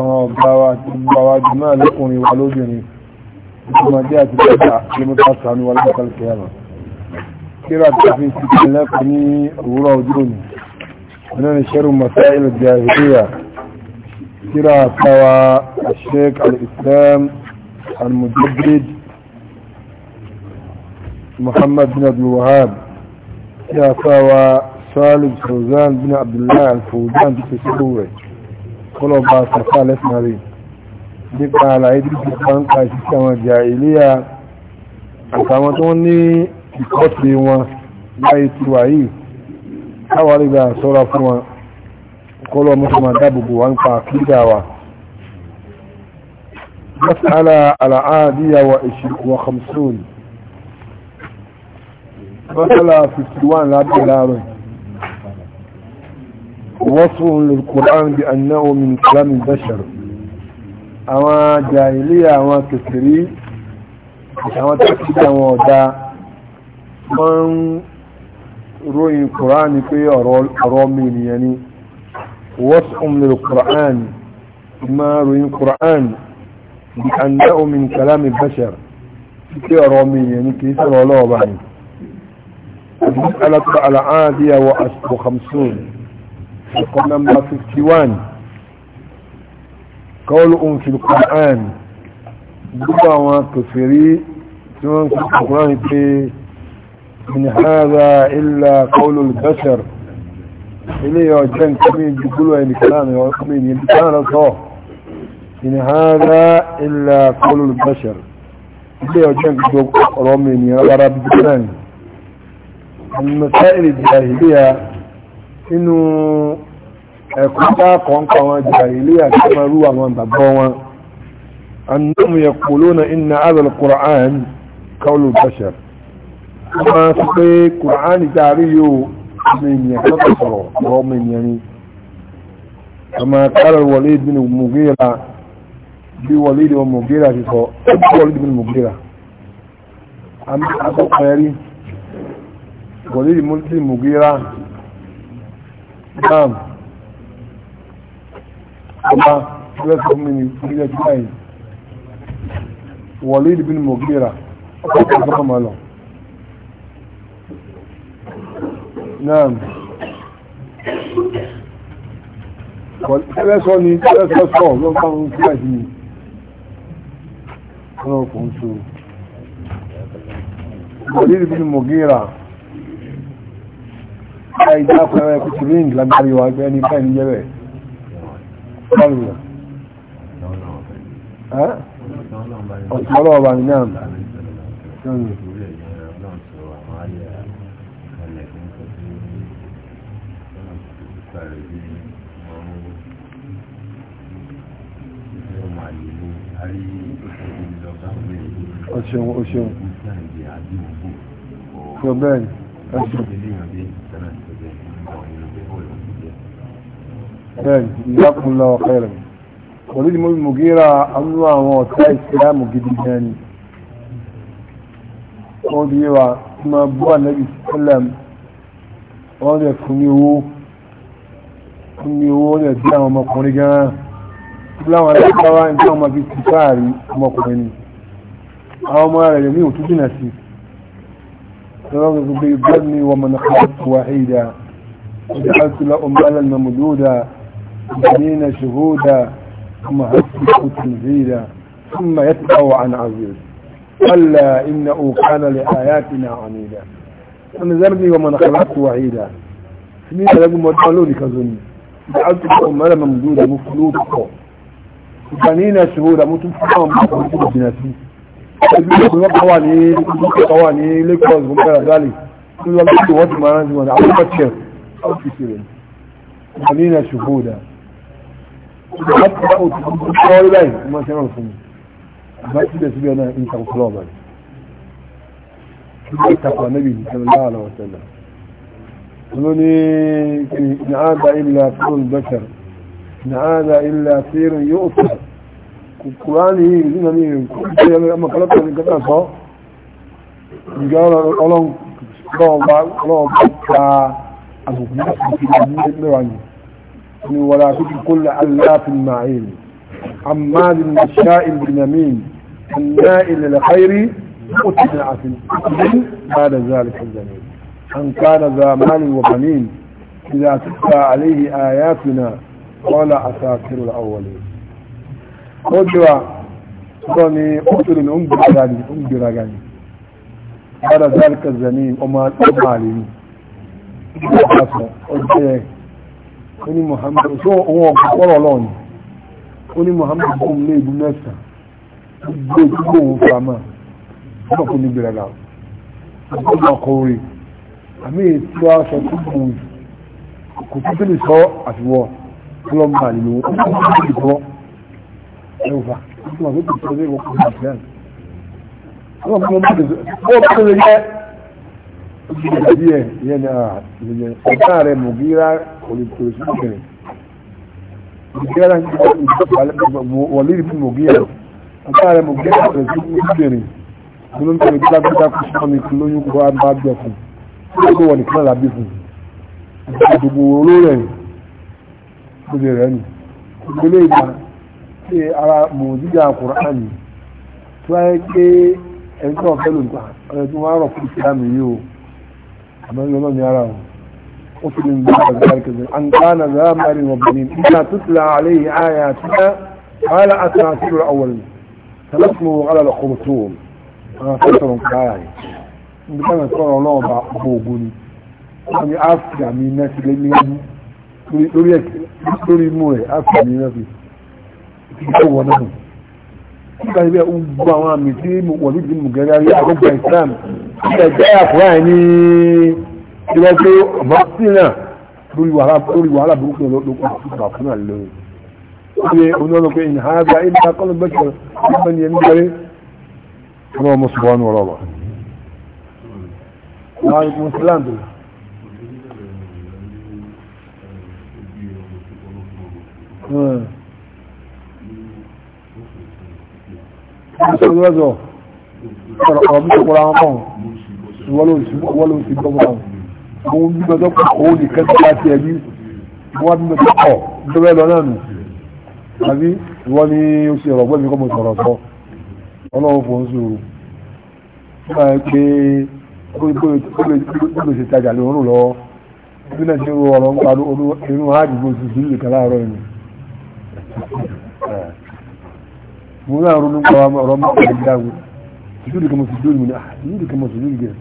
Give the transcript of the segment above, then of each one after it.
àwọn ọ̀gá wa tí gbà wá jù náà lẹ́kùnrin wa lóbìnrin ìtumọ̀dé àti bẹ́ẹ̀ta lẹ́mọ́ta sàánú wa lẹ́kọ̀ọ́ kẹrọ kíra tó fi ti tẹ̀ lẹ́kùn ní òwúrọ̀ ojú òní ọ̀nà ìṣẹ́rù masáìlì jahiliya kíra tàwa sheik al-islam al-mujaddid محمد بن عبد الوهاب يا فاوى سالم فوزان بن عبد الله الفوزان في سبوه kọlọba sàfà lẹ́sìnàrí nípa àlàyé dídì báńkà ìṣiṣẹ́ àwọn ìjà ìléyà àtàwọn tó ń ní ìkọ́sí wọn láyé ti wà yìí káwàrí gbà sọ́ra fún wọn kọlọ mọ́sánmà dábòbò wọn pa kígbà wa mas'ala al'adiyya wa ishirin wa khamsun mas'ala 51 lábẹ́ láàrin وصف للقرآن بأنه من كلام البشر أما جاهلية أما كثري أما تأكيد أما دا من رؤي القرآن في أرامين يعني وصف للقرآن ما رؤي القرآن بأنه من كلام البشر في أرامين يعني كيف رؤى الله المسألة على عادية وخمسون ẹ̀kọ́ nọmba 51 kọ́ọ̀lù ohun fi kùrán gbogbo àwọn kèfèrí tí wọ́n kọ́ kùrán pé min hada illa kọ́ọ̀lù bashar ilé ọjọ́ nkàmí ìdúgbòlò ẹnìkanáà lọ́sọ́ min hada illa kọ́ọ̀lù bashar ilé ọjọ́ nkàmí ọ̀rọ̀ mi ní rárá bí المسائل الجاهليه nínú ẹ̀kọ́ bá kọ̀ọ̀kan wọn jàhílíyà àti ẹmọrú àwọn bàbá wọn annahum yaquluna inna hadha al-Qur'an qawlu bashar wọ́n sọ pé Qur'an jàrí yóò ọmọ ènìyàn kọ́kọ́ sọ̀rọ̀ ọ̀rọ̀ ọmọ ènìyàn ni ọmọ qala al-Walid bin Mughira bí Walid bin Mughira ti sọ Walid bin Mughira àmì àkọ́kọ́ ẹ̀rí Walid bin Mughira naam ọba ẹlẹ́sọ̀ mi ní ìpínlẹ̀ tí láyé Walid bin Mughira ọkọ̀ ọ̀gá máa lọ naam ẹlẹ́sọ̀ ni ẹlẹ́sọ̀ sọ̀ ló bá ń fi àti mi ọlọ́kùnrin tó Walid bin Mughira ìdá pẹ̀rẹ̀ kùtùrín lágbàrí wa pé ẹni pẹ́ ní jẹ́rẹ̀ ọ̀tọ̀lọ́ ní náà Ọ̀ṣun, ọ̀ṣun. Ṣọ bẹ́ẹ̀ ìyákùnlọ ọ̀kẹ́rẹ̀ pẹ̀lú ìmú mùgíra anú àwọn ọ̀tá ìsìlámù gidi gani wọ́n bí wa tí ma bú ànábì sẹ́lẹ̀m wọ́n lè fún ní owó fún ní owó lè bí àwọn ọmọkùnrin gan tí láwọn alágbára ń tí wọ́n ma fi ti fáàrí ọmọkùnrin ni àwọn ọmọ rẹ̀ ní òtún jìnà sí lọ́wọ́ gbogbo ìgbẹ́ بنين شهودا ثم هسكت تنزيلا ثم يتبع عن عزيز ألا إنه كان لآياتنا عنيدا أنا زمني ومن خلقت وعيدا سمين لكم ودعلوني كظن جعلت لكم ملا ممدودا مفلوطا بنين شهودا متفقام مفلوطا بناسي ẹgbẹ́ kọwà ní kọwà ní lẹ́kọ̀ọ́ ìgbọ́nbẹ̀rẹ̀ dálì tí قوانين lọ́pọ̀ wọ́n ti máa ń wọn àwọn ọmọ awon láti bá òtù tó kọ́ rí báyìí wọ́n ṣe rán fún mi àbá síbẹ̀ síbẹ̀ náà ń takò fúlọ̀ báyìí ṣùgbọ́n ìtakò anábì ìṣẹ̀lẹ̀ láàrín ọ̀sẹ̀lẹ̀ wọn ni ní àádá ilẹ̀ àtúrò bẹ́ṣẹ̀ ní àádá ilẹ̀ àtúrò yóò tà kùkùránì ìrìnà ní ìrìnkú ọlọ́run ولا تجد كل علاف معين عمال مشاء بنميم النائل للخير قتل عفن بعد ذلك الزمين أن كان ذا مال وبنين إذا تتلى عليه آياتنا ولا أساكر الأولين قدوة قدني قتل الأم برغاني أم برغاني بعد ذلك الزمين أمال أمالي أمالي ó ní Muhammad tó òun ọ̀gbọ̀n kọ́rọ̀ lọ́ọ̀ni ó ní Muhammad bóun lé ìlú mẹ́sàn-án gbogbo ìdúgbò òun fama ọmọ kò ní gbèrèga ọgbọ́n ọkọ̀ọ̀rẹ́ àmì ètò aṣọ tó mú un kò tó tó lè sọ àfiwọ́ ọlọ́mọba nínú ọgbọ́n ẹ̀wọ̀fà ọmọ tó tó tó lè wọ́n kọ́ ọ̀gbọ́n ọmọ tó tó lè yẹ ọ̀gá rẹ̀ mọ̀gíra وليد بن مغيرة قال مغيرة رسول مغيرة ولم تكن كتاب كتاب كشفان يكلون يقوى عن بعض يكون يقوى ونكنا لابيكم gbogbo olóòrẹ̀ ìpínlẹ̀ rẹ̀ ni ìpínlẹ̀ ìgbà tí ara mòjíjà kùránì tí wáyé pé ẹni tí wọ́n fẹ́ lòdùn ọ̀rẹ́ tí wọ́n rọ̀ fún ìsìlámù yìí o àmọ́ ìlọ́lọ́ ni ara o مسلم بعد ذلك أن كان ذا مال وبنين إذا تتلى عليه آياتنا قال أساطير الأول تلقمه على الخرطوم أنا فكر كاي كان صار الله بوغوني أنا أفكر من الناس اللي lórí lórí imú rẹ̀ áfíà الناس rẹ́fì tí ó wọ̀ náà nígbà tí ó gbọ́ àwọn àmì tí wọ̀lú ti mú gẹ́gẹ́ rí àkókò Islam ilẹ̀ ẹ̀ ní tí wọ́n pé ọba sí náà lórí wàhálà burúkú lọ́pọ̀ àkókò fún àlè lórí ó yẹ oníwọ́n pé ìhà àgbà ilé akọ́lù bẹ́ẹ̀ nípa ni ẹni gbẹ́rẹ́ ọmọ ọmọ sọ wọn rọ wà. wọ́n á mú síláǹdì. Ọ̀rọ̀ ọ̀rọ̀ mi ti kọ́ra wọn kàn wọ́n ló ti gbọ́ wọn àwọn bíbẹ̀ tó kọ̀ ó nìkan tó bá ti ẹ̀mí wọ́n bíbẹ̀ tó kọ̀ bẹ́ẹ̀ lọ náà nù àbí wọ́n ní ó ṣe ọ̀rọ̀ gbẹ́mí kọ́ mo sọ̀rọ̀ sọ ọlọ́run fò ń sòrò nígbà pé ó lè ṣe tajà lè lọ bí náà ṣe ń ro ọ̀rọ̀ ń pa inú àdìgbò tuntun nílùú kan láàárọ̀ ẹ̀mí mo náà ronú pa ọ̀rọ̀ mọ́ta ìdáwó ìdúdì kan mo sì dúró ìmúni àdúdì kan mo sì dúró ìgẹ̀rẹ̀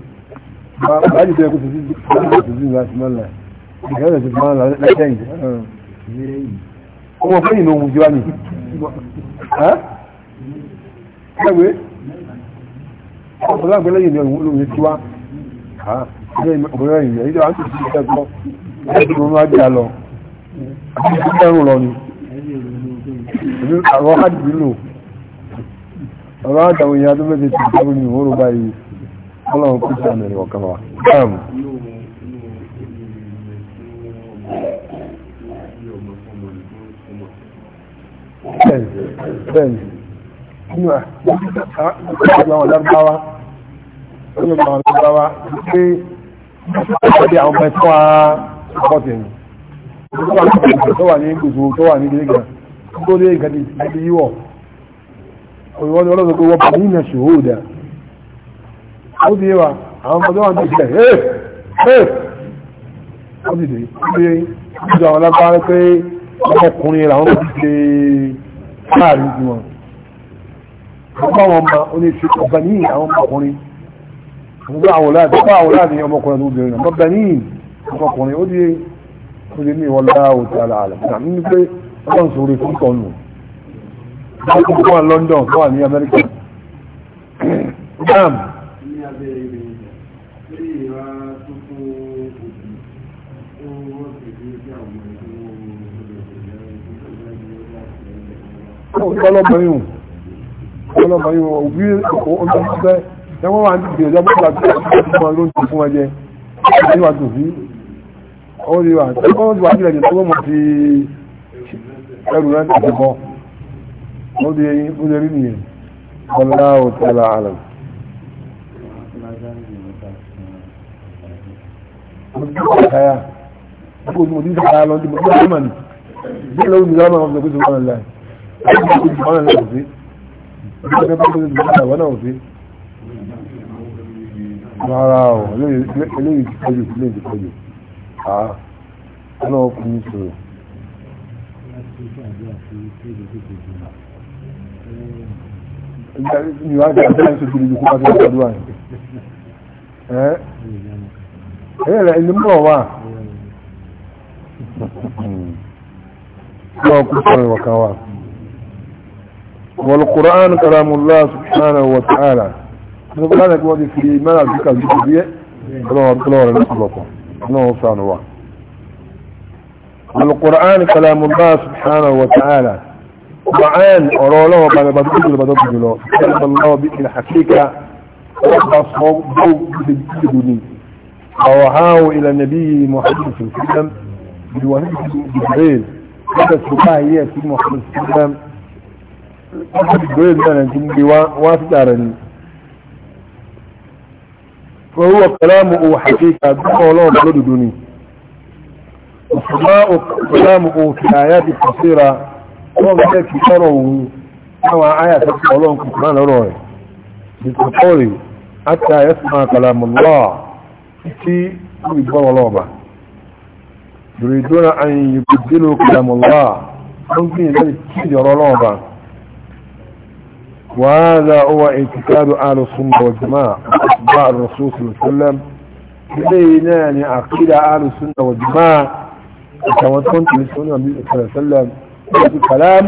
báyìí tó yẹ kó ti sí láti sí láti máa là ìgbà yóò ti máa là lẹ́yìn ọmọ fẹ́yìn ló ń wùjọ ni ẹgbẹ́ ọ̀pọ̀lọpọ̀ lẹ́yìn ni olóòwò ti wá ọ̀pọ̀lọpọ̀ yìí ẹ̀yìn àwọn tó ti sí ẹ̀kọ́ ẹ̀kọ́ ló ń wá jà lọ àti ìfẹ́rùn lọ ni àwọn adìyẹ lò àwọn àtàwọn èèyàn tó mẹ́tẹ̀ẹ̀tì ìjábọ̀ ni ìwọ́n ló báyìí ọlọ́run kú sí àmì ìwọ̀n kan wa. bẹ́ẹ̀ni bẹ́ẹ̀ni nínú àwọn lárúbáwá nínú àwọn lárúbáwá pé ọdẹ àwọn ọmọ ẹ̀tọ́ àpọ̀tẹ̀ ni tó wà ní ìgbésẹ̀ tó wà ní gbèsè tó wà ní gẹ́gẹ́ tó dé ìgbàdì ìgbàdì yíwọ̀ òyìnbó ni ọlọ́sọ̀ pé wọ́n bá nínú ẹ̀ṣọ́ òòdà ó di wa àwọn ọmọdé wọn ti ṣe ẹ́ ẹ́ ó ti dè pé ìjọ àwọn lábára pé ọkùnrin làwọn ti ṣe láàrin ju wọn ọgbà wọn ma ó ní ṣe ọgbà ní àwọn ọmọkùnrin ọgbà àwòrán àti ọgbà àwòrán ni ọmọkùnrin tó bẹ̀rẹ̀ náà ọgbà ní ọmọkùnrin ó di ó di ní ìwọlá òtí àlàálẹ̀ nàmí ní pé ọlọ́run sọ fún tọ́nù wọ́n ti wọ́n London ní Amẹ́ríkà lábẹ́ ilẹ̀ tí ìwà tó fún òbí tó wọ́n ti fi sí àwọn ẹ̀kọ́ ọlọ́bẹ̀yìn ọlọ́bẹ̀yìn òbí ọjọ́ ẹwọ́n wà ní ìgbèrè ọjọ́ bọ́ọ̀lá tí wọ́n ti mọ lóúnjẹ fún ẹjẹ́ ìwà tó fi ó rí kaya ko mo di kaya lo di mo di man di lo mi zama ko ko subhanallah ko ko subhanallah ko ko ko ko subhanallah wa na o fi rárá o eléyìí ti kọjú eléyìí ti kọjú àá ọlọ́wọ́ kún ní sọ̀rọ̀ ìwádìí àti àìsàn tó lè jù kó bá tó lè ṣàdúrà yẹn ẹ̀rẹ́ rẹ̀ ilé mọ́ wà lọ́wọ́ kú sọ̀rọ̀ ìwọ̀ká wà wọ́n kùrán karamùlá subhanahu wa ta'ala ní bá rẹ̀ kí wọ́n ti fi mẹ́ra àdúkà lókè bí ẹ́ ọlọ́wọ́ rẹ̀ lọ́pọ̀lọpọ̀ ọlọ́wọ́ sànù wà كلام الله سبحانه وتعالى القرآن أروله وبعد ما تقول بدو تقول الله بالحقيقة وقصه بو بدو فوهاه إلى النبي محمد صلى الله عليه وسلم بوهية جبريل هذا السباع في محمد صلى الله عليه وسلم قد جبريل أنا جنبي وافد أرني فهو كلامه حقيقة بقوله بلد دوني وسماء كلامه في آيات قصيرة وما يكفره نوع آيات قولهم كفران روي بالتقول حتى يسمع كلام الله tí wọ́n bí bọ́rọ̀ lọ́ọ̀bà yuriduna an yubdilu kalamullah wọ́n gbé ìlànà tí ìjọrọ̀ lọ́ọ̀bà وهذا هو اعتقاد اهل السنه والجماعه اتباع الرسول صلى الله عليه وسلم بينان عقيده اهل السنه والجماعه وتوتن للسنه النبي صلى الله عليه وسلم الكلام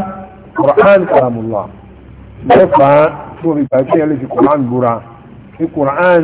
قران كلام الله يفهم شو بيبقى في القران برا في القران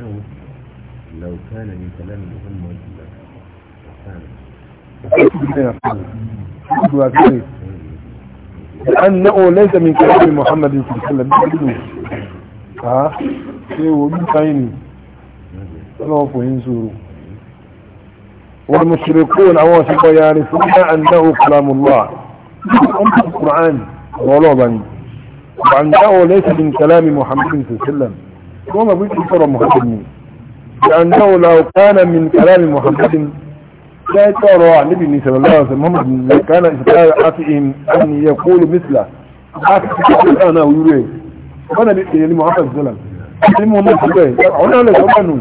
لو كان من كلام محمد لكان لأنه ليس من كلام محمد صلى الله عليه وسلم ها ṣe orí káyìnì lọ́wọ́ kò yí sùúrù wọ́n mushrikun àwọn ọ̀sìnkọ̀ ya rí fún ní àndáwò kalamùlá ọ̀rán rọ́lọ́bà ni ba àndáwò lẹ́sìn kalami muhammadin sallam wọ́n ma bí kí sọ̀rọ̀ muhammadin لأنه لو كان من كلام محمد لا يترى النبي صلى الله عليه وسلم لكان استطاعتهم أن يقول مثله أكثر أنا ويريه وأنا بإذن محمد صلى الله عليه وسلم أسلموا أنا لا يترى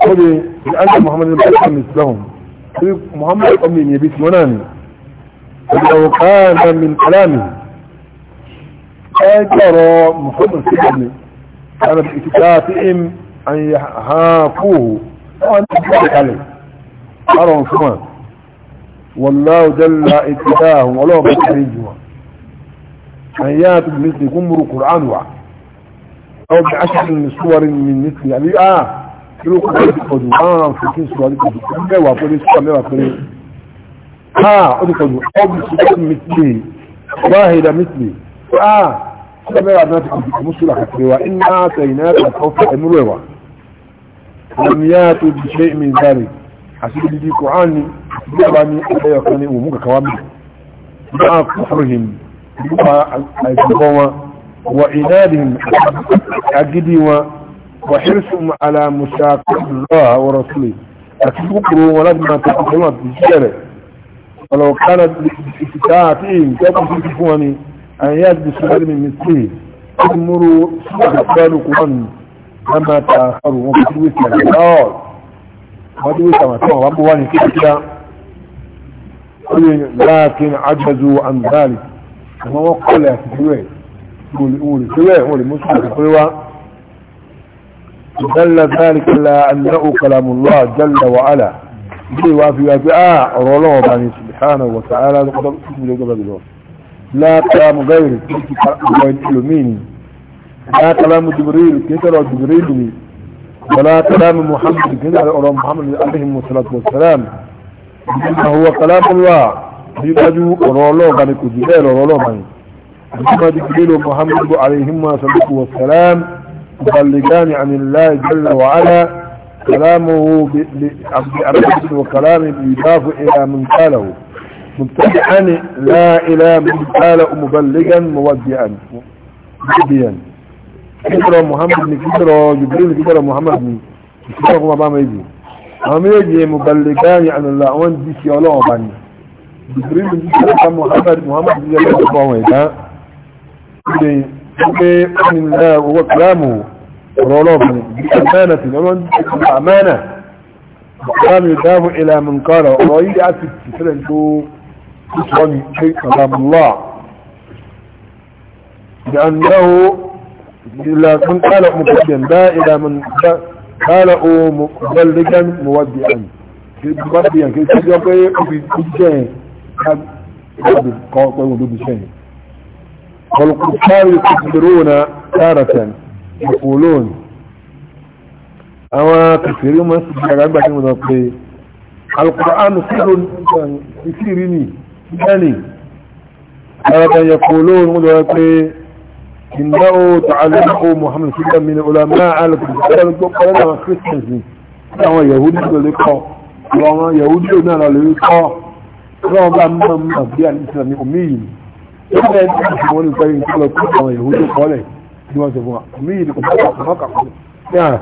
قولي لأن محمد المحمد مثلهم محمد أمين يبيت مناني لو كان من كلامه لا يترى محمد صلى الله عليه وسلم كان بإتكافئهم أن يهافوه وأن يحاك عليه ارهم ثمان والله جل اتداهم ولو بتحريجهم أن ياتوا بمثل قمر قرآن وعا أو بعشر من صور من مثل يعني آه كلو قرآن قدوا آه فكين صور قدوا ميوا قولي صور ميوا قولي آه قدوا قدوا أو بصور مثلي واهدة مثلي آه سمع بناتك مصر حكري وإن آتيناك الخوف أمروا lam yatu bi shay'in min zalik asiri bi qur'ani bi abani ayo kan ni mu ka wami ba kufrihim ba ay kuwa wa inadihim agidi wa wa hirsum ala mushaqati Allah wa rasuli atukuru ولو كانت لإستطاعتهم كما في أن يجلسوا من مثله تأمروا سبحانه lọ́mọ ta ọrùn wọn kò tí wọ́n ti rẹ̀ lọ́ọ̀ wọ́n tí wọ́n sàmà tí wọ́n wá bọ́ wá ní kíkíkíá ó lè láàkín àjọjù àmì àmọ́ wọ́n kọ́lẹ̀ àti ìwé olùsíwẹ̀ wọ́n lè mọ́sùn àti pé wá jalla zalikala annahu kalamullah jalla wa ala ilé wa fi wá pé a ọ̀rọ̀ ọlọ́wọ̀ bá subhanahu wa ta'ala lọ́kọ́tọ́ ìpínlẹ̀ gbọ́dọ̀ la ta mu gairi tí kí kí لا كلام جبريل كثر جبريل ولا كلام محمد كثر أرى محمد عليه الصلاة والسلام هو كلام الله يبدو أرى غني كجبال رولو غني إنما جبريل ومحمد عليهما الصلاة والسلام مبلغان عن الله جل وعلا كلامه بأمر وكلامه يضاف إلى من قاله مبتدعا لا إلى من قال مبلغا مودعا مبديا kíkọrọ muhammad ni kíkọrọ jubilee ni kíkọrọ muhammad ni ìṣúná kó máa bá méjì àwọn méjèèjì yẹn muballigani ànàlá àwọn ti ṣe ọlọ́wọ́ bá ní jubilee ni kíkọrọ ká muhammad muhammad ti yẹ lọ́wọ́ àwọn ìdá ìdè pé wọ́n ní owó kílámù ọ̀rọ̀ ọlọ́wọ́ ní àmánà tí wọ́n ti ṣe àmánà kílámù ìdáàbò ilà mùnkárà ọ̀rọ̀ yìí á ti ṣiṣẹ́ tó tó sọ ní ṣe kàlámùlá لأنه إلى من قال مبتدئا لا إلى من قال مبلغا مودعا مودعا كي تجي أبي أبي كجين أبي قوي ودوب شين والكفار يكفرون تارة يقولون أما كفروا من سبحانه بعد ما نقول القرآن سر يسيرني يعني هذا يقولون مدرك إنه تعلمه محمد صلى من علماء على كتاب القرآن على كريستيانز àwọn yahudi ló lè kọ́ àwọn yahudi ló náà lè kọ́ ọlọ́run bá mọ́ mọ́ bí alìsílẹ̀ ní omi yìí ẹgbẹ́ ẹgbẹ́ ìṣẹ́ wọn nípa yìí tó lọ kọ́ àwọn yahudi kọ́lẹ̀ ní wọ́n sọ fún wa omi yìí kò bá kọ́ mọ́kà kọ́ náà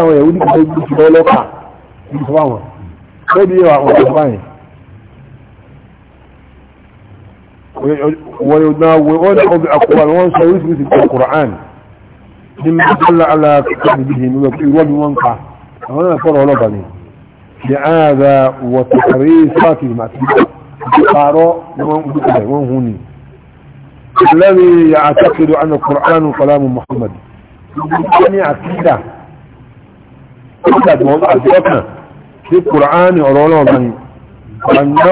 àwọn yahudi kò tó gbé ṣùgbọ́n lọ́kà ní sọ fáwọn lóbi àwọn ọ̀dọ́ báyìí ويناوئونه بأقوال وانسى ويثبت في القرآن لما دل على كتابه مما يرد منقع وانا فرع لبني لهذا وتحريصاته مع قارو وهوني الذي يعتقد أن القرآن كلام محمد يعني عكيدة عقيدة موضع عقيدتنا في القرآن أرولو بني أنه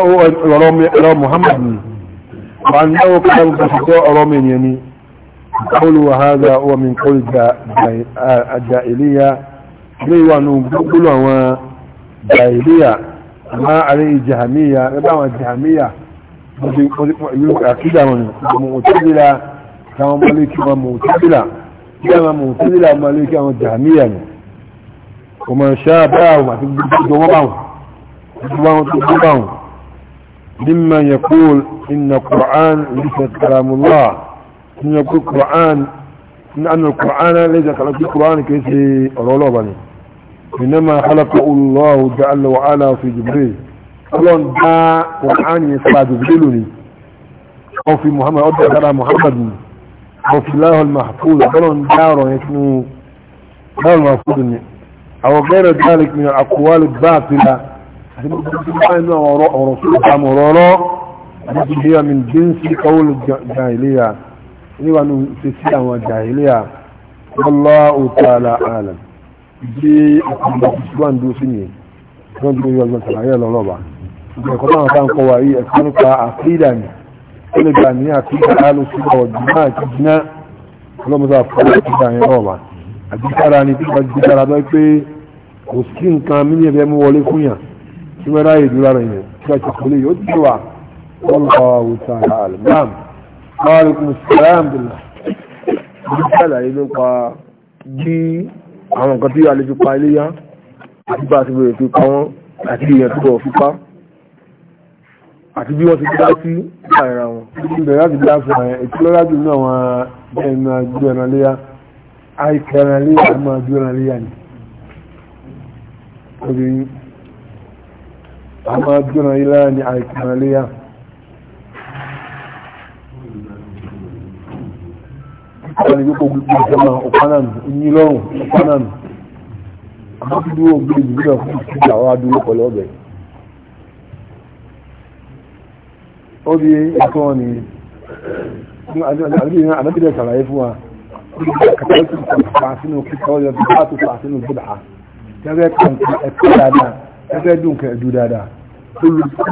أرولو محمد وأنه كان بشكاء رمين يعني قول وهذا هو من قول الجائلية ليه ونقول هو جائلية ما عليه جهمية لبعض الجهمية يقول أكيد من مؤتبلة كما ملك ومؤتبلة كما مؤتبلة ملك وجهمية ومن شابه وما تبدو دوما دوما ممن يقول إن القرآن ليس كلام الله إن يقول القرآن إن أن القرآن ليس كلام القرآن كيسي رولوبني إنما خلق الله جل وعلا في جبريل قلون دا قرآن يسبع جبريلني أو في محمد او في محمد أو في الله المحفوظ قالون دارو يسمو دار المحفوظ أو غير ذلك من الأقوال الباطلة àdìbìyà min jínsì kọwùlù jàìlìyà níwà ní fèsì àwọn jàìlìyà wallahu ta'ala alam bí ọkùnrin ìṣúwàn dúró sí ni wọ́n tí wọ́n jí dára lọ́ pé kò sí nǹkan mílíọ̀nù ẹ̀mú wọlé fún yàn tí wọ́n ráyè dúró ara yẹn tí wọ́n ti kọ́lé yóò dúró wa wọ́n lọ wùtá alimam maaleykum salaam bila bí sàlàyé ló pa bí àwọn nǹkan tí àlejò pa ilé yá àti bá a ti bẹ̀rẹ̀ fi pa wọ́n àti èèyàn tó bọ̀ fi pa àti bí wọ́n ti dá sí àìra wọn bẹ̀rẹ̀ láti dá fún ẹ̀ ìtúlọ́lá jù náà wọn bẹ́ẹ̀ máa ẹran léyà àìkẹran léyà máa ju ẹran léyà ni a máa dúnà ilá ní àìkànlẹ́yà wọ́n ní gbogbo ìjọba ọ̀pánàn onílọ́rùn ọ̀pánàn àmọ́kídúró gbé ìgbìyàn fún ìsìnkú àwọn adúró pẹ̀lú ọ̀bẹ̀ ó di ẹ̀kọ́ ni àdábìlẹ̀ sàlàyé fún wa kàtàkì sàfà sínú kíkọ́ yọ bí wàá tó fà sínú gbọ́dà gẹ́gẹ́ kan ẹ̀kọ́ dáadáa ẹgbẹ́ dùn kẹ́ dùn dáadáa olùkọ́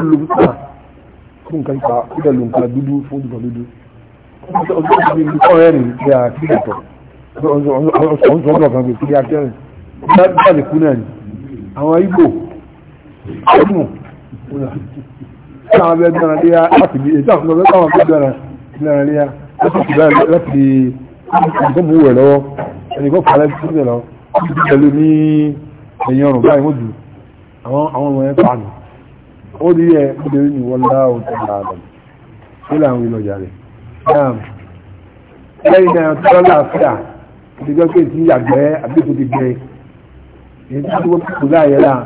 fún nǹkan pa kúdà ló ń pa dúdú fún ìgbà dúdú ọjọ́ ìgbà ní ọ̀rẹ́ rẹ̀ pé a kí ìtọ̀ ọ̀sọ̀ ọ̀sọ̀ kan pé a kẹrin bá lè kú náà ni àwọn Ìgbò ọdún táwọn abẹ́ dára lé láti bí ètò àwọn ọmọ táwọn abẹ́ dára dára lé láti bí láti bí nǹkan mú wẹ̀ lọ́wọ́ ẹnì kan kọ́ alẹ́ tó ń bẹ̀ lọ ní ẹ̀yìn ọrùn báyìí wọ́n dùn àwọn ọmọ ẹ̀ pàánù ó rí ẹ obìnrin ni wọ́n láà ó tẹ̀lé àdàm ó làwọn ìlọ̀jà rẹ̀ náà lẹ́yìn náà tọ́lá láàfíà ti gbọ́ pé ìtìyà gbẹ́ àbíkú ti gbẹ́ èyí tó wọ́n kò láàyè náà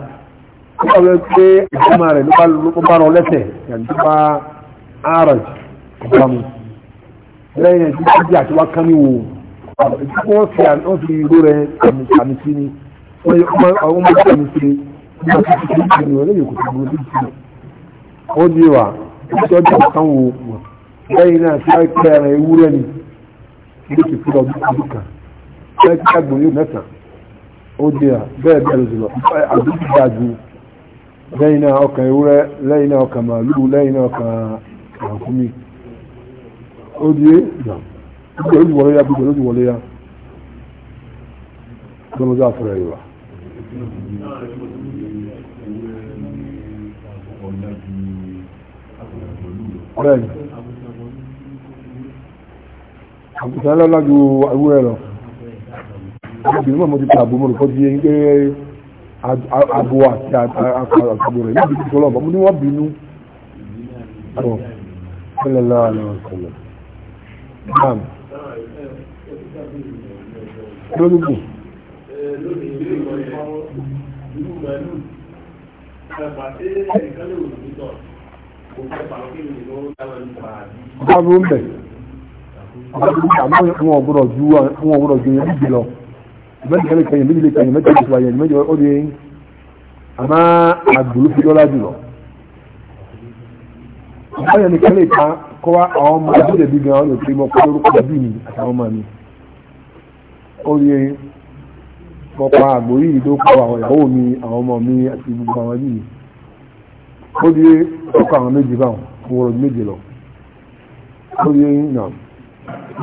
ó wà wẹ́ pé ìjọba rẹ̀ ló bá rọ lẹ́sẹ̀ yàtọ̀ bá ààrẹ̀ ìbámu lẹ́yìn náà ti gbẹ́ àti wá ni ọmọ ìgbà mi ni ó lẹ́yìn náà tí wọ́n pẹ́ ewúrẹ́ ni ilé ti fún ọdún kan fẹ́ kí agbóyè mẹ́ta ó di wà bẹ́ẹ̀ bẹ́ẹ̀ lọ jùlọ àdúgbò dáa lẹ́yìn náà ọkàn ewúrẹ́ lẹ́yìn náà ọkàn màálù lẹ́yìn náà ọkàn àkúmí bẹ́ẹ̀ni àbùsà lọ́la ju ewúrẹ́ lọ obìnrin náà mo ti pa àbò mo rò fọ́ ti yẹ pé àbò àti àkàbò rẹ̀ níbi tí sọlọ́ọ̀bà mo ní wọ́n bínú ọ̀ ṣẹlẹ̀ láàrin ọ̀sẹ̀lẹ̀ ọgbọ́n ń bẹ̀ àwọn ọgbọ́dọ̀ ju àwọn ọgbọ́dọ̀ ju yẹn méjì lọ ìbẹ́ni kẹ́lẹ̀ kẹ́yìn méjì kẹ́yìn méjì lè kẹ́yìn méjì ó di àmá àgbòló fi lọ́la jùlọ ọgbọ́n yẹn kẹ́lẹ̀ ká kọ́ àwọn ọmọ ẹbí rẹ̀ gan ọ́n lè mọ́ kọ́ lórúkọ bí mi àtàwọn ọmọ mi ó di mọ́ pa àgbòrí ìdókòwò àwọn ìyàwó mi àwọn ọmọ mi àti gbogbo àwọn ẹbí mi ó di ọkọ̀ àwọn méjì báwọn wọ̀rọ̀ méjì lọ ó di nà.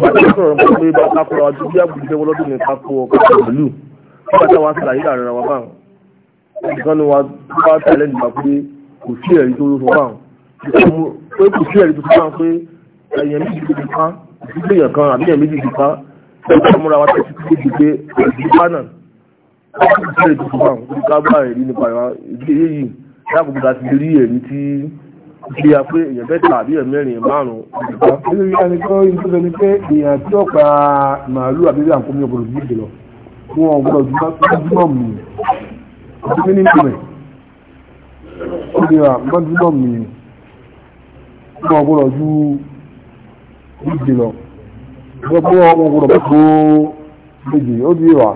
bàtà sọ̀rọ̀ mọ́ pé bàtà kọ́ ọdún bí àbùjẹ́ wọlọ́dún ní kakọ́ ọkọ̀ pẹ̀lú bàtà wa sàlàyé láàrin àwọn báwọn nǹkan ni wa bá tẹ̀lé nígbà pé kò sí ẹ̀rí tó sọ báwọn pé kò sí ẹ̀rí tó sọ báwọn pé ẹ̀yàn méjì ti pa ìdílé èèyàn kan àbí ẹ̀yàn méjì ti pa ẹ̀yàn múra wa tẹ̀sí pé kò pé ẹ̀rí pa náà ó sì lákòókò láti rí ẹ̀rí tí bí a pé èèyàn bẹ́ẹ̀ tàbí ẹ̀ mẹ́rin márùn-ún. nínú yíyá ni kọ́ inú tó sọ ni pé èèyàn tí ọ̀pá màálù àbílẹ̀ àkómi ọ̀gbọ̀n òbí jùlọ wọn ò gbọdọ̀ dúdúmọ̀ mù ọdún ní ìpìlẹ̀ ó di wa gbọ́n dúdúmọ̀ mù wọn ò gbọdọ̀ ju bí jùlọ wọ́n gbọ́ wọn gbọdọ̀ bá tó méjì ó di wa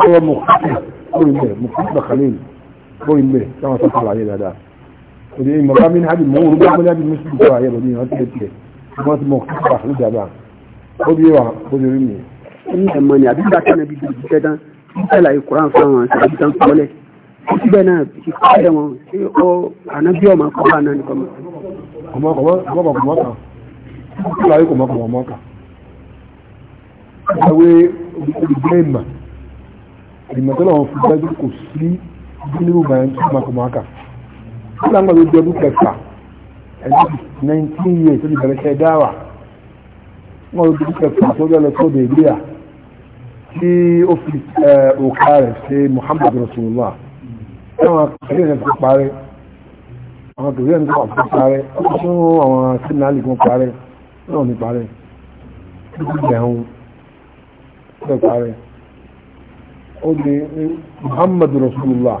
ó yẹ mọ̀ kúkú ó rí bẹ́ẹ̀ mọ̀ kúkú bàkàlẹ́ bóyí mbẹ táwọn sọ fún àlàyé dáadáa òde ìmọ̀gá mi ní hajj mọ̀ òun bá mọ̀lẹ́bí mùsùlùmí kọ́ àyẹ̀ lòdì ìrántí ẹ̀ tiẹ̀ wọ́n ti mọ̀ kíkọ́ àlù dàbà ó bí wà ó bí rí mi. ní ẹ̀mọ́ ni àbí bàtà náà bí bí jíṣẹ́ dán nígbàlá ìkúrán fáwọn àti tán kọ́lẹ̀ síbẹ̀ náà ìkọ́lẹ̀ wọn sí ọ ànábí ọmọ akọ́kọ́ àná nìkan mọ́. ọmọkọ̀ọ́mọkọ̀ọ́mọkà bilibu bayan tuma kuma haka kuna ga zuwa duka sa a 19 years sun daga sai dawa kuma zuwa duka sa to da lato da biya ti ofis okare sai muhammadu rasulullah kuma kare ne ko pare àwọn tòwé ẹni tó wà fún parẹ́ fún àwọn sínálì kan parẹ́ náà ní parẹ́ ìgbẹ̀hún tó parẹ́ ó di muhammadu rasulullah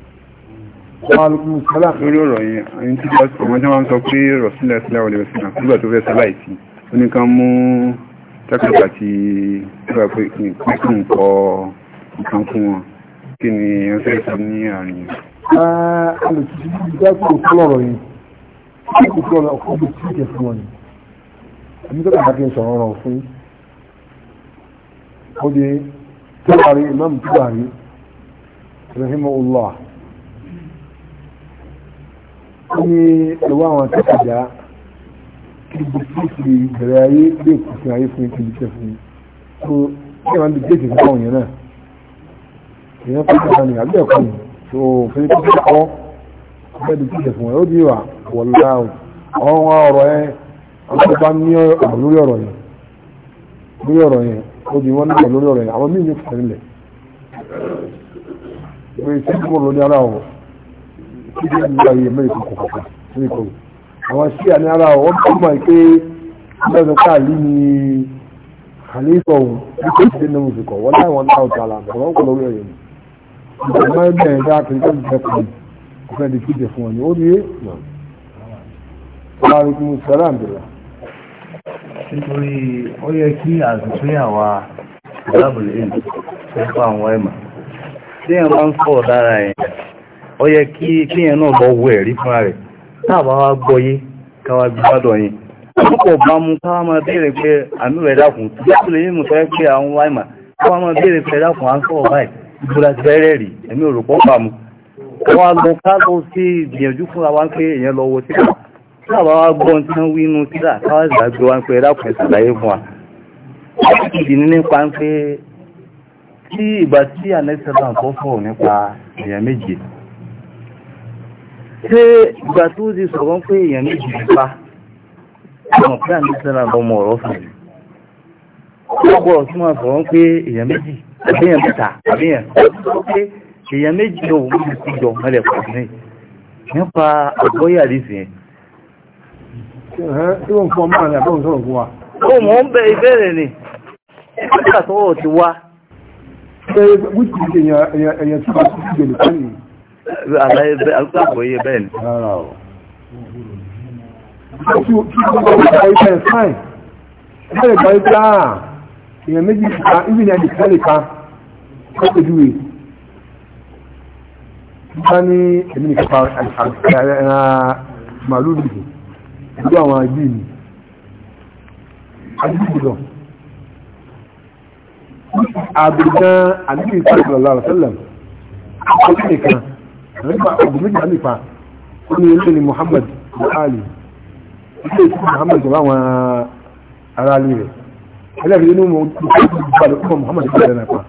lórí ọ̀rọ̀ yìí àyín tí wọ́n sọ wọ́n tí wọ́n sọ pé rọ̀sílẹ̀ sílẹ̀ ọ̀lẹ̀ òsìnà nígbà tó fẹ́ sáláìtì ó ní kan mú tẹ́kọ̀tà ti gbà pé nǹkan kọ nǹkan fún wọn kí ni wọ́n fẹ́ sọ ní àárín yìí. alùpùpù ti dá kó fọlọ́rọ̀ yìí kí kò fọlọ́rọ̀ ọkọ̀ bí tí kò fún wọn ni àmì tó kàkà kí n sọ̀rọ̀ ní ẹwà àwọn akẹ́kọ̀ọ́dá kìdì fífi bẹ̀rẹ̀ ayé lè kù sí ayé fún kìdì fún so kí wọ́n ti gbèsè fún àwọn yẹn náà èèyàn kọ́ síta ní àbí ẹ̀kọ́ ni so fẹ́ẹ́ tó fi kọ́ fẹ́ẹ́ ti tẹ̀ fún wọn ó di wà wọ̀lá o àwọn ọ̀rọ̀ yẹn àwọn tó bá ní ọ̀rọ̀ lórí ọ̀rọ̀ yẹn lórí ọ̀rọ̀ yẹn ó di wọ́n lórí ọ̀rọ̀ yẹn àwọn míì kí ní ayé mẹ́rin kò kọ̀kọ̀ nìkan àwọn sí àní ara wọn tó mọ̀ pé lọ́sọ̀ káàlì ni khalifa òun nípa ìṣẹ́ ní oṣù kọ̀ wọ́n láwọn láwọn tó àlà àgbà wọn kò lórí ẹ̀yẹ̀ ni ìgbà máa ń bẹ̀rẹ̀ dá kiri kọ́ ìjẹ́ fún mi kò di kíjẹ fún wọn ni ó rí é nà. Alaikum salaam bìlà. Nítorí ó yẹ kí àtúntúnyàwó ìdábòlè ẹ̀ ń fún àwọn ẹ̀mà ó yẹ kí kíyàn náà lọ wọ ẹ̀rí fúnra rẹ̀ táàbà wá gbọ́yé káwà gbádọ̀ yìí púpọ̀ bá mú káwà máa béèrè pé àmì rẹ̀ dákun tí ó lè yí mú sọ pé àwọn wáìmà káwà máa béèrè pé dákun à ń sọ̀rọ̀ báyìí ìbúra ti bẹ̀rẹ̀ rí ẹ̀mí òrùpọ̀ bá mu káwà lọ káàkó sí ìgbìyànjú fúnra wa pé èèyàn lọ wo síta táàbà wá gbọ́ tí wọ́n wí inú síta káwà ìgbàgbé wa pé dákun ẹ̀ sàlàyé fún wa ìdí nípa pé tí ìgbà tí ànẹ́sẹ̀ bá ń kọ́ nípa èèyàn méje ṣé ìgbà tó ti sọ̀rọ̀ pé èèyàn méjì nípa ọmọ pé àmì sẹ́lá lọ́mọ ọ̀rọ̀ fún mi ọgbọ́ tí wọ́n sọ̀rọ̀ pé èèyàn méjì àbíyàn mẹ́ta àbíyàn pé èèyàn méjì ò mú mi sí jọ mọ́lẹ̀ pọ̀ sí nípa àgbọ́yé àdìsí yẹn. tí wọ́n fọ́ máa ní àbọ̀n sọ̀rọ̀ fún wa. ó mọ̀ ń bẹ ìbéèrè ni nígbà tọ́wọ́ ti wá. ṣé wíìkì èèyàn tí wọ́n ti aláyé bẹ́ẹ̀ alùpàgbọ́yé bẹ́ẹ̀ ni. Ìbẹ̀rẹ̀ gba ipá èèyàn méjì ìta ìbí ni àdìsí lè ka lọ́pẹ̀júwe. Nípa ní èmi ní kápá ẹ̀rọ màálù nìyí, ìlú àwọn àgbì mi. Àdìsí lọ. Àbùdán àdìsí sallallahu alaihi wasallam. Àkọ́kọ́ nìkan nípa ọdún méjìlá nípa ó ní ilé ni Muhammad buhari ilé ìsìn Muhammad jọba àwọn ará ilé rẹ̀ ẹlẹ́rìí inú mọ̀ ọdún Muhammad bẹ̀rẹ̀ nípa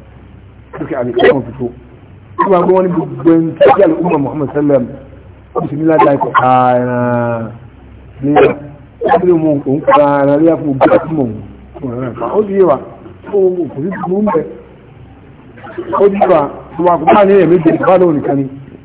lókè àlè ìṣẹ́ wọn fito ó máa gbé wọn ní gbogbo ẹni tí ó yàlẹ̀ umar Muhammad sallam ó sì ní ládàá ikọ̀ ààrẹ ní ilé mọ̀ òun kọ̀ọ̀rọ̀ ààrẹ rí kò bá ní ẹ̀mí jẹ́ nìkan ni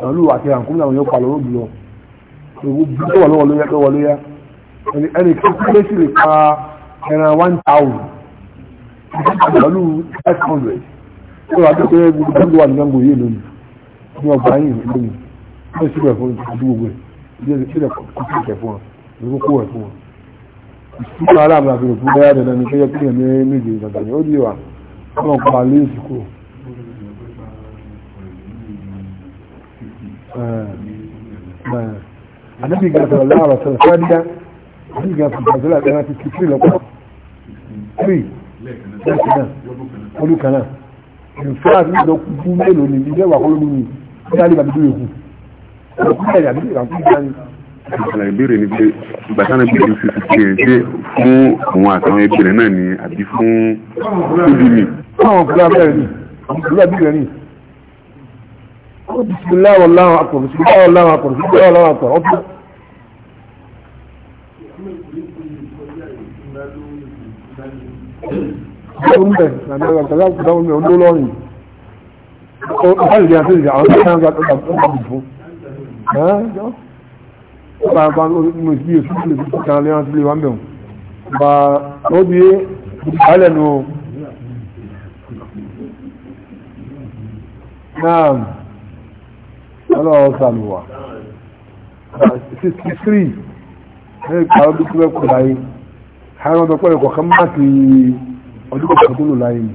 àwọn olùwà àti àǹkúmí àwọn yóò palọ̀ lóbi lọ gbogbo tó wà lọ́wọ́ lóyá lọ́wọ́ lóyá ẹni kékeré sì lè pa ẹran one thousand pẹ̀lú five hundred tó wà tó pé gbogbo wà nígbàgbọ́ yìí lónìí ní ọgbà yìí lónìí wọ́n sì bẹ̀rẹ̀ fún àdúgbò ẹ̀ ilé kọ̀ọ̀kan kẹ̀ fún wọn ìlú kó ẹ̀ fún wọn. ìsúkà aláàbò àfihàn fún bẹ́ẹ̀ dandan ni kékeré méje ìgbàgbọ́ ó di wa wọ́n pa lé ìsìnkú. ànábì gan sọ̀rọ̀ láàrọ̀ sọ̀rọ̀ sáàdídá ànábì gan sọ̀rọ̀ sọ̀rọ̀ àti ẹran ti ti tírì lọ́pọ̀ tírì lẹ́sìn náà olùkan náà ìfúrásì lọ kú mélòó ni ilé wà kọ́lọ́mù ni ó dá lè bàbí dúró ikú ọkùnrin ẹ̀yà bí ìrànkú ìdáni àlàyé ìbéèrè ni pé gbàtánà bíi ẹni fífi ṣe ṣe fún àwọn àtàwọn ẹbí náà ni àbí fún fúdùmí. àwọn fúlàbí rẹ ni fúlàbí rẹ ni bisimilayi wàlláhu akpọ̀ bisimilayi wàlláhu akpọ̀ bisimilayi wàlláhu akpọ̀ ọ̀pọ̀. Báwo mbẹ̀ nàdá kàdá kàdá mbẹ̀ ọdún lọ́rùn. Báyìí di àti ìjà àwọn ọ̀dọ́ náà gbàgbọ́ gbàgbọ́ fún. Ó bá bá mo sì yẹ sùkúlù lè fi kàn lé wọn ọlọ́run sàmùwà 63 ní ìpàrọ̀ bí tí wẹ́kù láyé àárọ̀ ọdọ́ pẹ́rẹ̀ kọ̀ọ̀kan má ti ọdún kọ̀ọ̀kan tó lò láyé ni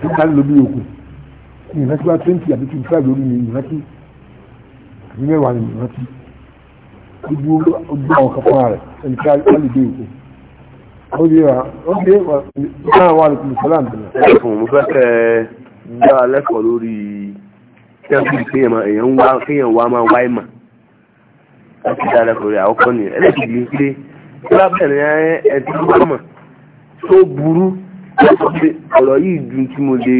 tí ká lóbi òkú ní ìrántí bá 20 àti 25 lórí ni ìrántí àti mẹ́wàá ni ìrántí ojú ojú àwọn kan fúnra rẹ̀ ẹni ká lè dé òkú ó dé wa ó dé wa náà wà lókùnrin sọ́lá àǹtẹ̀lẹ̀. ẹ̀fùn mo fẹ́ kẹ́ ẹ dá lẹ́kọ̀ọ́ lórí kí èèyàn wá máa wá ìmọ̀ láti dára kòrè àkọ́kọ́ ni ẹlẹ́kìdì ń pé tí wọ́n bẹ̀rẹ̀ ẹ̀tí gbọ́mọ̀ tó burú ọ̀rọ̀ yìí ju tí mo lè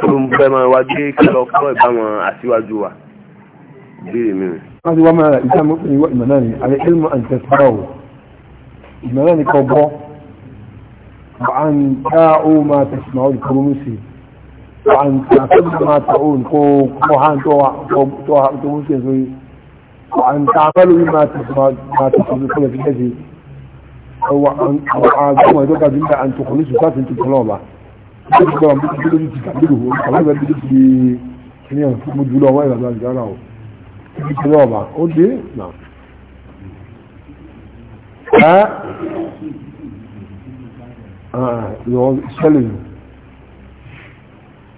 tó ń fẹ́ máa wá gbé kálọ̀ fún ìbáwọn àṣíwájú wa béèrè mi rẹ̀. wọ́n ti wá máa rà ìjà mọ́kùnrin ìwọ ìmọ̀ náà ni alẹ́ ilmọ̀ àti tẹ̀síwáwò ìmọ̀ náà ni kọ bọ́ wà á ń dá ó máa tẹ̀síwáwò ìkọ́ mọ́ sí i وعن تعتبر ما تعون وعن تمسك فيه وعن تعملوا بما ما تخلصون في الجزي هو أن أعظم يدرك بالله أن تخلصوا ذات أنت الطلابة تقدر أن تقبله تقبله الطلابة بيجي كنيا مجبولة وإلى ذلك أنا الطلابة أودي نعم ها آه يقول سلم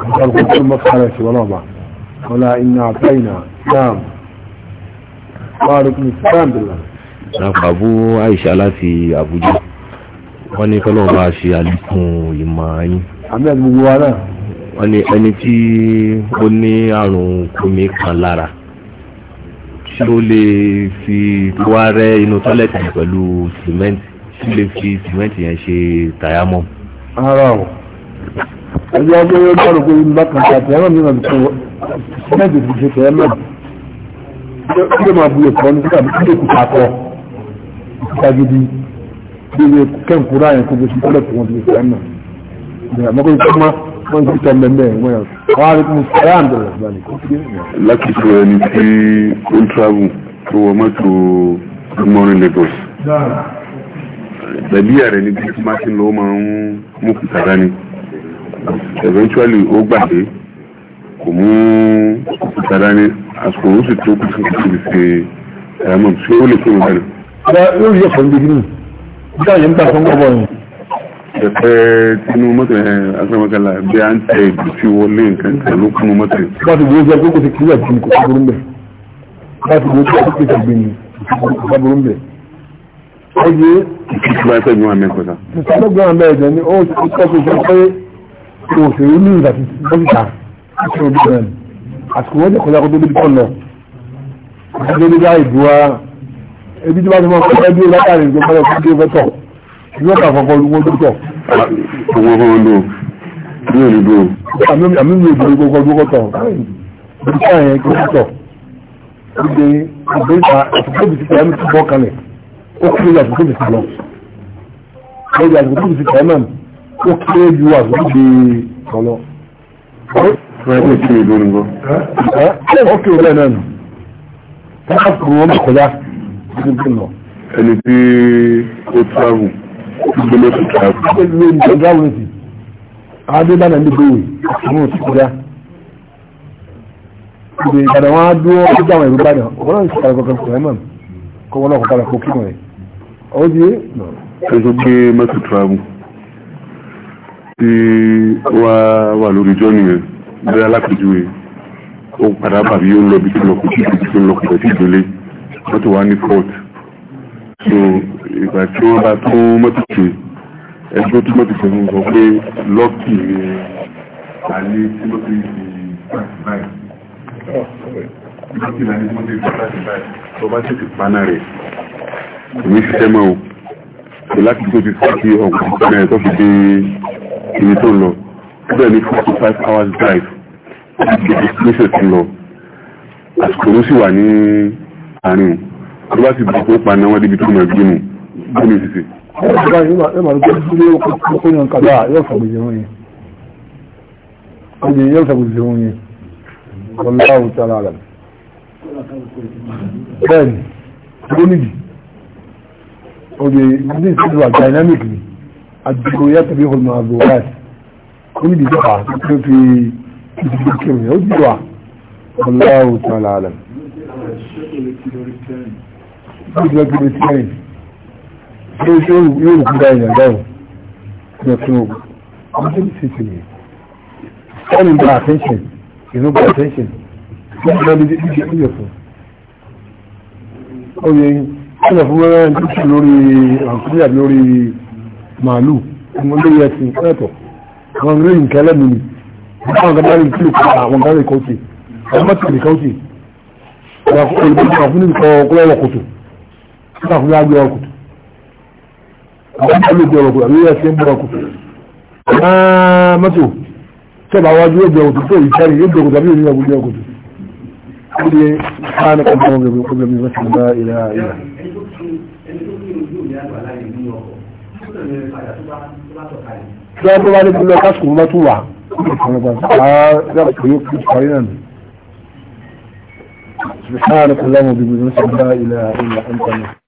القدس مفعلة ورابع ولا إن أعطينا نعم طارق السلام بالله نعم أبو عائشة láti Àbújá wọ́n ní kọ́lọ̀ bá ṣe àlékún ìmọ̀ ayín àmì àgbègbè wa náà wọ́n ní ẹni tí ó ní àrùn kòmí kan lára tí ó lè fi wá inú tọ́lẹ̀tì pẹ̀lú sìmẹ́ǹtì tí ó lè fi sìmẹ́ǹtì yẹn ṣe tàyámọ́. ara o ẹ̀yà ọjọ́ yóò dọ́rọ̀ pé ìlú bákan tàbí ẹ̀rọ mìíràn tó mẹ́jọ ti Se kẹ́ẹ́ mẹ́jọ kí ló máa bu ẹ̀kọ́ ní síkà kí ló kù pàtó ìkúta gidi bí ilé kẹ́ǹkúrá yẹn kó bó ṣe kọ́lẹ̀ kùn ọdún ìfẹ́ náà ìgbà mọ́kọ́ ìfẹ́ mọ́ wọ́n ti tọ́ mẹ́mẹ́ wọ́n yà wọ́n á rí kún ṣẹ́yà ń bẹ̀rẹ̀ balẹ̀ kó kí láti sọ ẹni tí ó ń travel tó wọ mọ́tò mọ́rin Lagos tàbí ààrẹ ni bí ó máa ń lọ́wọ́ máa ń mú kùtà dání eventually ó gbàgbé kò mú òkúta dání àsìkò ó sì tó kùtù kùtù lè ṣe ẹ̀rọ um, tí ó lè fún un bẹ́ẹ̀. ọba yóò yẹ fún bíbí nù bí àyè ń gbà fún gbọ́bọ̀ yẹn. Ẹ̀fẹ́ tinú mọ́tò ẹ̀ asọ́mọ́kànlá bí a ń tẹ ìdí tí wọlé nǹkan tẹ̀ ló kún mọ́tò yẹn. Bá a ti gbé ọjọ́ pé kò ti kílíà jù kò sábúrú mbẹ̀. Bá a ti gbé ọjọ́ pé kò ti gbìyànjú kò sábúrú mbẹ̀. Ó yé. Ìkíkí bá a fẹ́ kò sí ní ìgbà tí wọ́n ti ta láti ọdún rẹ̀ àsìkò wọ́n jẹ́ kọjá kó tó débi tán lọ kó tó débi dá ìbú wa ebi tí wọ́n ti mọ kọ́ ẹbí látàrí ìjọba ọ̀rọ̀ fún débi tọ̀ ìwọ́n kà fọ́kọ́ olúwọ́n tó tọ̀. àwọn ọmọ ọdún ní òdodo. àmì mi ò dúró gbogbo ọdún kọ́tọ̀ bí káà yẹn kí ó tọ̀ ìdè ìgbésà àsìkò bìtì tẹ̀ ẹ́mí tó bọ́ kalẹ̀ ó kúrò àsìkò bìtì lọ. lọ́jà àsìkò bìtì tẹ̀ ẹ́mí ó kéré ju àgbègbè ọlọ. Fúnẹ́tì kí ìlú ni gbọ́. Ṣé wọ́n kí ìlú náà nù? Táà kù wọ́n kọjá ní bí lọ. Ẹni tí ó tíráàbù, ó gbélé tó tíráàbù. Ṣé ìlú ni tó tíráàbù ní ti? Adé bá náà ní gbòòwì, àwọn òsì kọjá. Ìgbè Ìbàdàn wọn á dúró ọjọ́ àwọn ìlú Ìbàdàn, ọ̀pọ̀ náà ń ṣe àgbẹ̀kọ̀ kọ̀ mọ̀ kọ́ náà kọ̀ kalẹ̀ kí mọ̀ rẹ̀. Ó di é? Ṣé tó gbé mọ́tò tíráàbù? tí wá wà lórí ìjọ nìyẹn bẹ́ẹ̀ alápèjúwe ó padà bàbí ó ń lọ bí tó ń lọ kò tí ìdí tó ń lọ kò tí ìdílé mọ́tò wá ní fort so ìgbà tí wọ́n bá tó mọ́tò ṣe ẹgbẹ́ tó mọ́tò ṣe ń sọ pé lọ́ọ̀kì ni alẹ́ tí mọ́tò yìí ti báyìí lọ́ọ̀kì ni alẹ́ tí mọ́tò yìí ti báyìí tó bá tètè paná rẹ̀ èmi ṣiṣẹ́ mọ́ o láti tó ti sí ọ̀gbọ̀n náà tó fi dé ibi tó lọ bẹ́ẹ̀ ni four to five hours drive ibi ìpínlẹ̀ tó lọ àsìkò ló sì wà ní àárín tó bá ti bọ̀ fún paná wọn débi tó mọ̀ gbé mu gbé mi sì sí. Wallahu ta'ala alam. Bẹ́ẹ̀ni, ó níbi, ó lè ní ìṣèlú àgbà dynamic ni. الدنيا تبيه المعذورات كل دي دعاء في الذكر يود دعاء والله تعالى اعلم الشكل الثاني يقول يقول كده يا داو يطلب عشان تسيبني كان بقى اتنشن ينوب اتنشن ده اللي بيجي يقول او يعني انا هو انا لوري او لوري màálù àwọn olóyè ẹ̀sìn ẹ̀tọ̀ àwọn olóyè nǹkan ẹlẹ́nu ni àwọn kan dárí kílò kan àwọn kan lè kọ́ sí àwọn mọ́tò lè kọ́ sí olùdókòwò àfúnni kọ́ kọ́lọ́wọ́ kòtò nígbà fún yá gbé ọ kòtò àwọn kan lè gbé ọ kòtò àbí ẹ̀sìn gbé ọ kòtò mọ́tò tẹ́lá wájú ó gbé ọ kòtò tó ìkárí ó gbé ọ kòtò àbí òní ọkùnrin ọkòtò. Kúrò ń gbé ọkùnrin ọkùnrin tí wọ́n tó bá ní kúlọ̀ kásìkò mọ́ tó wà سبحانك اللهم وبحمدك لا اله الا انت